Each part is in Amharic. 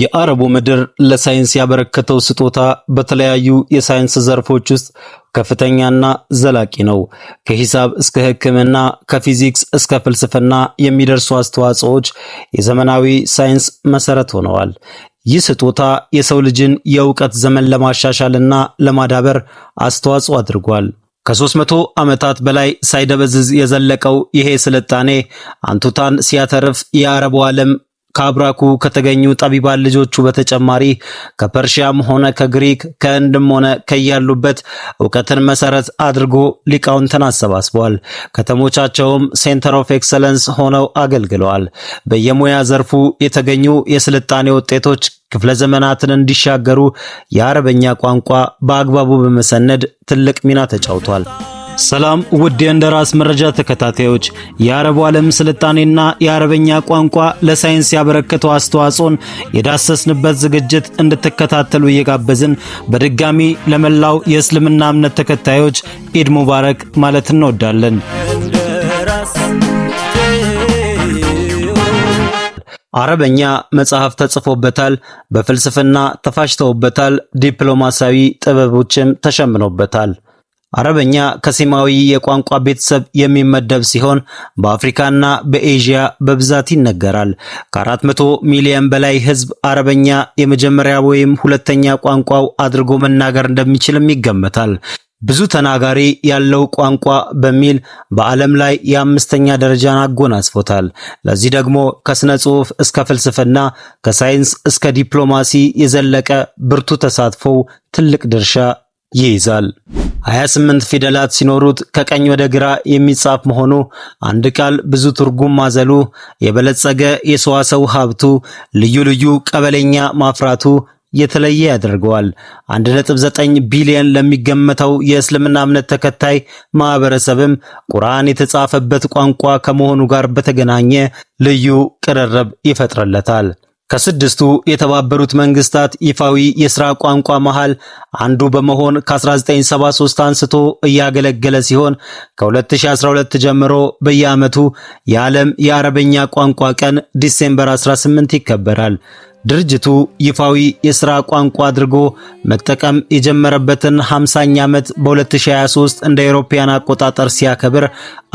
የአረቡ ምድር ለሳይንስ ያበረከተው ስጦታ በተለያዩ የሳይንስ ዘርፎች ውስጥ ከፍተኛና ዘላቂ ነው። ከሂሳብ እስከ ሕክምና፣ ከፊዚክስ እስከ ፍልስፍና የሚደርሱ አስተዋጽኦዎች የዘመናዊ ሳይንስ መሰረት ሆነዋል። ይህ ስጦታ የሰው ልጅን የእውቀት ዘመን ለማሻሻልና ለማዳበር አስተዋጽኦ አድርጓል። ከ መቶ ዓመታት በላይ ሳይደበዝዝ የዘለቀው ይሄ ስልጣኔ አንቱታን ሲያተርፍ የአረቡ ዓለም ከአብራኩ ከተገኙ ጠቢባን ልጆቹ በተጨማሪ ከፐርሺያም ሆነ ከግሪክ ከህንድም ሆነ ከያሉበት እውቀትን መሰረት አድርጎ ሊቃውንትን አሰባስበዋል። ከተሞቻቸውም ሴንተር ኦፍ ኤክሰለንስ ሆነው አገልግለዋል። በየሙያ ዘርፉ የተገኙ የስልጣኔ ውጤቶች ክፍለ ዘመናትን እንዲሻገሩ የአረበኛ ቋንቋ በአግባቡ በመሰነድ ትልቅ ሚና ተጫውቷል። ሰላም ውድ የእንደራስ መረጃ ተከታታዮች፣ የአረቡ ዓለም ስልጣኔና የአረበኛ ቋንቋ ለሳይንስ ያበረከተው አስተዋጽኦን የዳሰስንበት ዝግጅት እንድትከታተሉ እየጋበዝን በድጋሚ ለመላው የእስልምና እምነት ተከታዮች ኢድ ሙባረክ ማለት እንወዳለን። አረበኛ መጽሐፍ ተጽፎበታል፣ በፍልስፍና ተፋጭተውበታል፣ ዲፕሎማሲያዊ ጥበቦችም ተሸምኖበታል። አረበኛ ከሴማዊ የቋንቋ ቤተሰብ የሚመደብ ሲሆን በአፍሪካና በኤዥያ በብዛት ይነገራል። ከአራት መቶ ሚሊዮን በላይ ሕዝብ አረበኛ የመጀመሪያ ወይም ሁለተኛ ቋንቋው አድርጎ መናገር እንደሚችልም ይገመታል። ብዙ ተናጋሪ ያለው ቋንቋ በሚል በዓለም ላይ የአምስተኛ ደረጃን አጎናጽፎታል። ለዚህ ደግሞ ከስነ ጽሑፍ እስከ ፍልስፍና፣ ከሳይንስ እስከ ዲፕሎማሲ የዘለቀ ብርቱ ተሳትፎው ትልቅ ድርሻ ይይዛል። ሀያ ስምንት ፊደላት ሲኖሩት ከቀኝ ወደ ግራ የሚጻፍ መሆኑ አንድ ቃል ብዙ ትርጉም ማዘሉ የበለጸገ የሰዋሰው ሀብቱ ልዩ ልዩ ቀበሌኛ ማፍራቱ የተለየ ያደርገዋል። 1.9 ቢሊዮን ለሚገመተው የእስልምና እምነት ተከታይ ማህበረሰብም ቁርአን የተጻፈበት ቋንቋ ከመሆኑ ጋር በተገናኘ ልዩ ቅርርብ ይፈጥርለታል። ከስድስቱ የተባበሩት መንግስታት ይፋዊ የሥራ ቋንቋ መሃል አንዱ በመሆን ከ1973 አንስቶ እያገለገለ ሲሆን ከ2012 ጀምሮ በየዓመቱ የዓለም የአረበኛ ቋንቋ ቀን ዲሴምበር 18 ይከበራል። ድርጅቱ ይፋዊ የሥራ ቋንቋ አድርጎ መጠቀም የጀመረበትን 50ኛ ዓመት በ2023 እንደ አውሮፓውያን አቆጣጠር ሲያከብር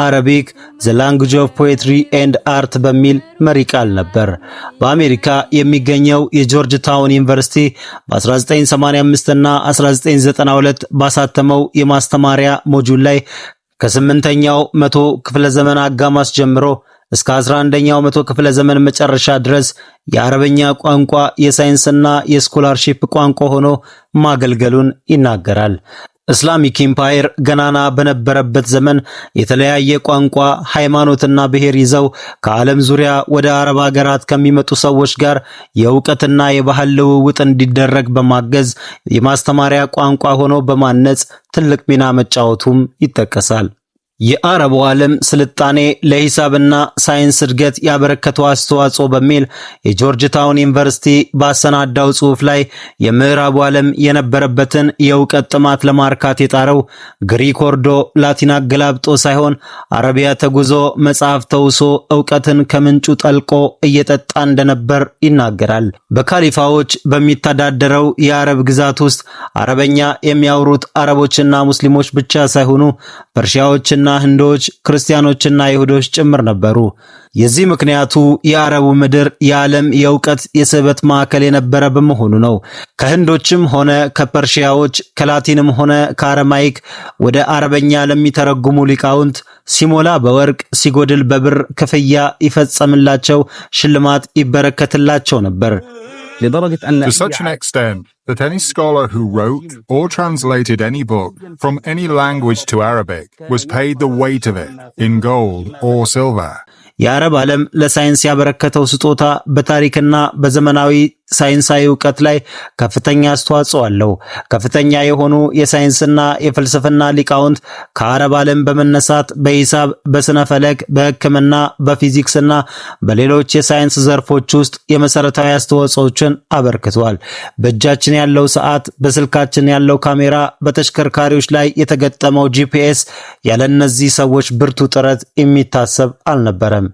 አረቢክ ዘ ላንግጅ ኦፍ ፖኤትሪ ኤንድ አርት በሚል መሪ ቃል ነበር። በአሜሪካ የሚገኘው የጆርጅ ታውን ዩኒቨርሲቲ በ1985 እና 1992 ባሳተመው የማስተማሪያ ሞጁል ላይ ከስምንተኛው መቶ ክፍለ ዘመን አጋማስ ጀምሮ እስከ 11ኛው መቶ ክፍለ ዘመን መጨረሻ ድረስ የአረበኛ ቋንቋ የሳይንስና የስኮላርሺፕ ቋንቋ ሆኖ ማገልገሉን ይናገራል። እስላሚክ ኢምፓየር ገናና በነበረበት ዘመን የተለያየ ቋንቋ፣ ሃይማኖትና ብሔር ይዘው ከዓለም ዙሪያ ወደ አረብ ሀገራት ከሚመጡ ሰዎች ጋር የእውቀትና የባህል ልውውጥ እንዲደረግ በማገዝ የማስተማሪያ ቋንቋ ሆኖ በማነጽ ትልቅ ሚና መጫወቱም ይጠቀሳል። የአረቡ ዓለም ስልጣኔ ለሂሳብና ሳይንስ እድገት ያበረከተው አስተዋጽኦ በሚል የጆርጅ ታውን ዩኒቨርሲቲ ባሰናዳው ጽሑፍ ላይ የምዕራቡ ዓለም የነበረበትን የእውቀት ጥማት ለማርካት የጣረው ግሪክ ወርዶ ላቲን አገላብጦ ሳይሆን አረቢያ ተጉዞ መጽሐፍ ተውሶ እውቀትን ከምንጩ ጠልቆ እየጠጣ እንደነበር ይናገራል። በካሊፋዎች በሚተዳደረው የአረብ ግዛት ውስጥ አረበኛ የሚያወሩት አረቦችና ሙስሊሞች ብቻ ሳይሆኑ ፐርሺያዎች አረቦችና ህንዶች፣ ክርስቲያኖችና ይሁዶች ጭምር ነበሩ። የዚህ ምክንያቱ የአረቡ ምድር የዓለም የእውቀት የስበት ማዕከል የነበረ በመሆኑ ነው። ከህንዶችም ሆነ ከፐርሺያዎች ከላቲንም ሆነ ከአረማይክ ወደ አረበኛ ለሚተረጉሙ ሊቃውንት ሲሞላ በወርቅ ሲጎድል በብር ክፍያ ይፈጸምላቸው፣ ሽልማት ይበረከትላቸው ነበር። To such an extent that any scholar who wrote or translated any book from any language to Arabic was paid the weight of it in gold or silver. የአረብ ዓለም ለሳይንስ ያበረከተው ስጦታ በታሪክና በዘመናዊ ሳይንሳዊ እውቀት ላይ ከፍተኛ አስተዋጽኦ አለው። ከፍተኛ የሆኑ የሳይንስና የፍልስፍና ሊቃውንት ከአረብ ዓለም በመነሳት በሂሳብ፣ በስነ ፈለክ፣ በሕክምና፣ በፊዚክስና በሌሎች የሳይንስ ዘርፎች ውስጥ የመሰረታዊ አስተዋጽኦችን አበርክቷል። በእጃችን ያለው ሰዓት፣ በስልካችን ያለው ካሜራ፣ በተሽከርካሪዎች ላይ የተገጠመው ጂፒኤስ ያለ እነዚህ ሰዎች ብርቱ ጥረት የሚታሰብ አልነበረም።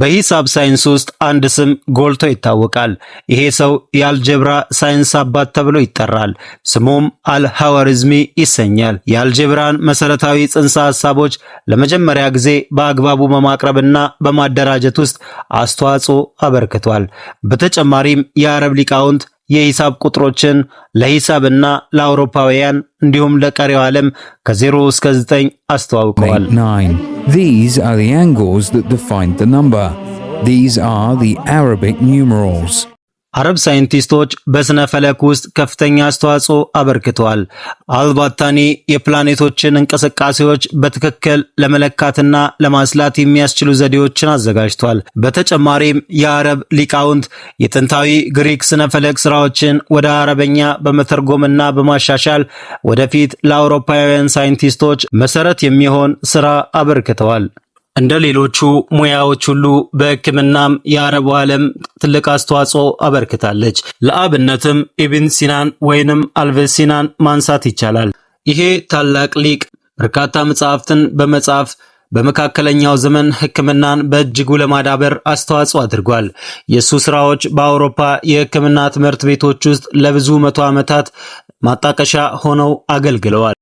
በሂሳብ ሳይንስ ውስጥ አንድ ስም ጎልቶ ይታወቃል። ይሄ ሰው የአልጀብራ ሳይንስ አባት ተብሎ ይጠራል። ስሙም አልሃዋሪዝሚ ይሰኛል። የአልጀብራን መሰረታዊ ጽንሰ ሐሳቦች ለመጀመሪያ ጊዜ በአግባቡ በማቅረብና በማደራጀት ውስጥ አስተዋጽኦ አበርክቷል። በተጨማሪም የአረብ ሊቃውንት የሂሳብ ቁጥሮችን ለሂሳብና ለአውሮፓውያን እንዲሁም ለቀሪው ዓለም ከ0 እስከ 9 አስተዋውቀዋል። These are the angles that define the number. These are the Arabic numerals. አረብ ሳይንቲስቶች በስነ ፈለክ ውስጥ ከፍተኛ አስተዋጽኦ አበርክተዋል። አልባታኒ የፕላኔቶችን እንቅስቃሴዎች በትክክል ለመለካትና ለማስላት የሚያስችሉ ዘዴዎችን አዘጋጅቷል። በተጨማሪም የአረብ ሊቃውንት የጥንታዊ ግሪክ ስነ ፈለክ ስራዎችን ወደ አረበኛ በመተርጎምና በማሻሻል ወደፊት ለአውሮፓውያን ሳይንቲስቶች መሰረት የሚሆን ስራ አበርክተዋል። እንደ ሌሎቹ ሙያዎች ሁሉ በሕክምናም የአረቡ ዓለም ትልቅ አስተዋጽኦ አበርክታለች። ለአብነትም ኢብን ሲናን ወይንም አልቨሲናን ማንሳት ይቻላል። ይሄ ታላቅ ሊቅ በርካታ መጽሐፍትን በመጻፍ በመካከለኛው ዘመን ሕክምናን በእጅጉ ለማዳበር አስተዋጽኦ አድርጓል። የእሱ ስራዎች በአውሮፓ የሕክምና ትምህርት ቤቶች ውስጥ ለብዙ መቶ ዓመታት ማጣቀሻ ሆነው አገልግለዋል።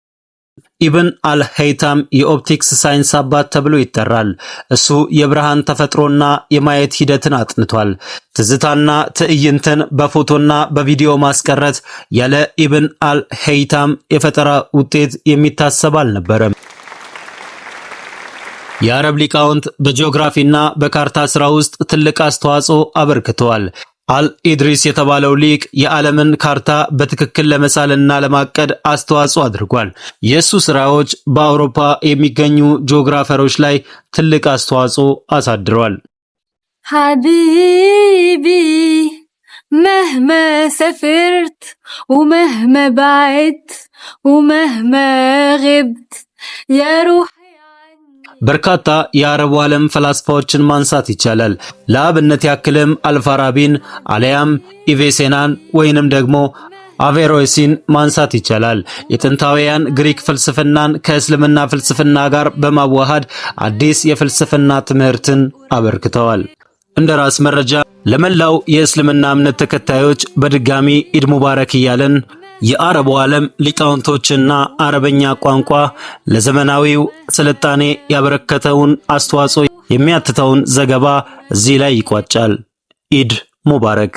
ኢብን አልሀይታም የኦፕቲክስ ሳይንስ አባት ተብሎ ይጠራል። እሱ የብርሃን ተፈጥሮና የማየት ሂደትን አጥንቷል። ትዝታና ትዕይንትን በፎቶና በቪዲዮ ማስቀረት ያለ ኢብን አልሀይታም የፈጠራ ውጤት የሚታሰብ አልነበረም። የአረብ ሊቃውንት በጂኦግራፊና በካርታ ስራ ውስጥ ትልቅ አስተዋጽኦ አበርክተዋል። አልኢድሪስ የተባለው ሊቅ የዓለምን ካርታ በትክክል ለመሳልና ለማቀድ አስተዋጽኦ አድርጓል። የእሱ ስራዎች በአውሮፓ የሚገኙ ጂኦግራፈሮች ላይ ትልቅ አስተዋጽኦ አሳድረዋል። ሐቢቢ መህመ ሰፍርት ወመህመ ባዕት ወመህመ ግብት የሩህ በርካታ የአረቡ ዓለም ፈላስፋዎችን ማንሳት ይቻላል። ለአብነት ያክልም አልፋራቢን አለያም ኢቬሴናን ወይንም ደግሞ አቬሮሲን ማንሳት ይቻላል። የጥንታውያን ግሪክ ፍልስፍናን ከእስልምና ፍልስፍና ጋር በማዋሃድ አዲስ የፍልስፍና ትምህርትን አበርክተዋል። እንደ ራስ መረጃ ለመላው የእስልምና እምነት ተከታዮች በድጋሚ ኢድ ሙባረክ እያለን የአረቡ ዓለም ሊቃውንቶችና አረበኛ ቋንቋ ለዘመናዊው ስልጣኔ ያበረከተውን አስተዋጽኦ የሚያትተውን ዘገባ እዚህ ላይ ይቋጫል። ኢድ ሙባረክ።